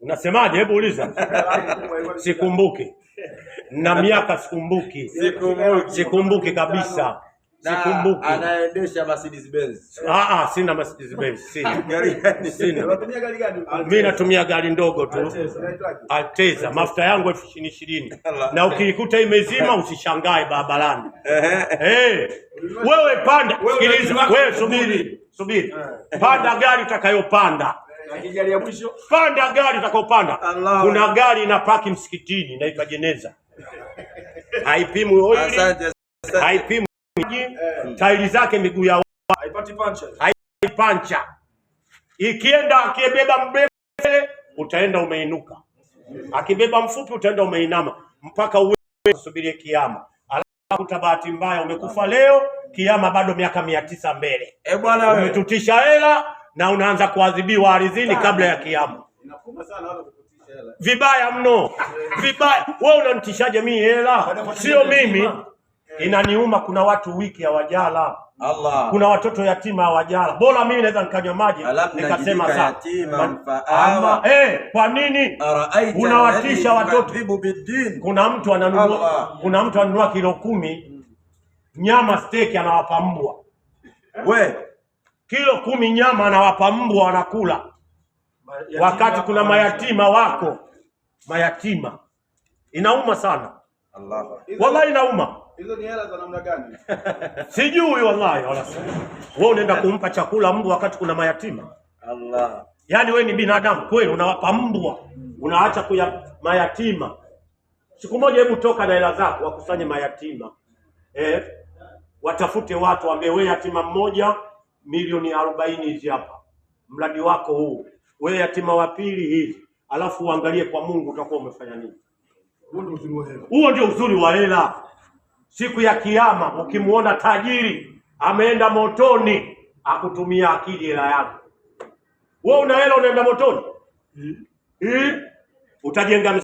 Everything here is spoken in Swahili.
Unasemaje? Hebu uliza. Sikumbuki na miaka sikumbuki, sikumbuki kabisa, sikumbuki. Anaendesha Mercedes Benz. Ah ah, sina Mercedes Benz, sina sina. Mimi natumia gari ndogo tu, Alteza, mafuta yangu elfu ishirini ishirini, na ukiikuta imezima usishangae barabarani. Eh. wewe panda, sikiliza, wewe subiri subiri, eh. panda gari utakayopanda panda gari utakayopanda. Kuna gari paki msikitini inaitwa jeneza, haipimwi oili, haipimwi tairi zake, miguu ya haipati pancha, Ikienda akibeba mbele utaenda umeinuka, akibeba mfupi utaenda umeinama, mpaka uwe subirie kiama ukakuta bahati mbaya umekufa leo, kiama bado miaka mia tisa mbele. E bwana, umetutisha hela na unaanza kuadhibiwa aridhini ah. kabla ya kiama. Vibaya mno, vibaya. Wewe unamtishaje mimi hela? Sio mimi, inaniuma. Kuna watu wiki hawajala Allah. Kuna watoto yatima hawajala. bora mimi naweza nikanywa maji nikasema sawa. ama eh, kwa nini unawatisha watoto? Kuna mtu ananunua, kuna mtu ananunua kilo kumi nyama steki, anawapa mbwa we, kilo kumi nyama anawapa mbwa wanakula, wakati kuna mayatima wako mayatima, inauma sana. Allah. Wallahi nauma. Hizo ni hela za namna gani? Sijui wallahi si. Wewe unaenda kumpa chakula mbwa wakati kuna mayatima. Allah. Yaani wewe ni binadamu kweli unawapa mbwa. Unaacha kuya mayatima. Siku moja hebu toka na hela zako wakusanye mayatima. Eh? Watafute watu ambao wewe yatima mmoja milioni arobaini hizi hapa. Mradi wako huu. Wewe yatima wa pili hizi. Alafu uangalie kwa Mungu utakuwa umefanya nini. Huo ndio uzuri wa hela. Siku ya Kiyama ukimuona tajiri ameenda motoni, akutumia akili hela yako. Wewe una hela unaenda motoni? hmm. hmm. utajenga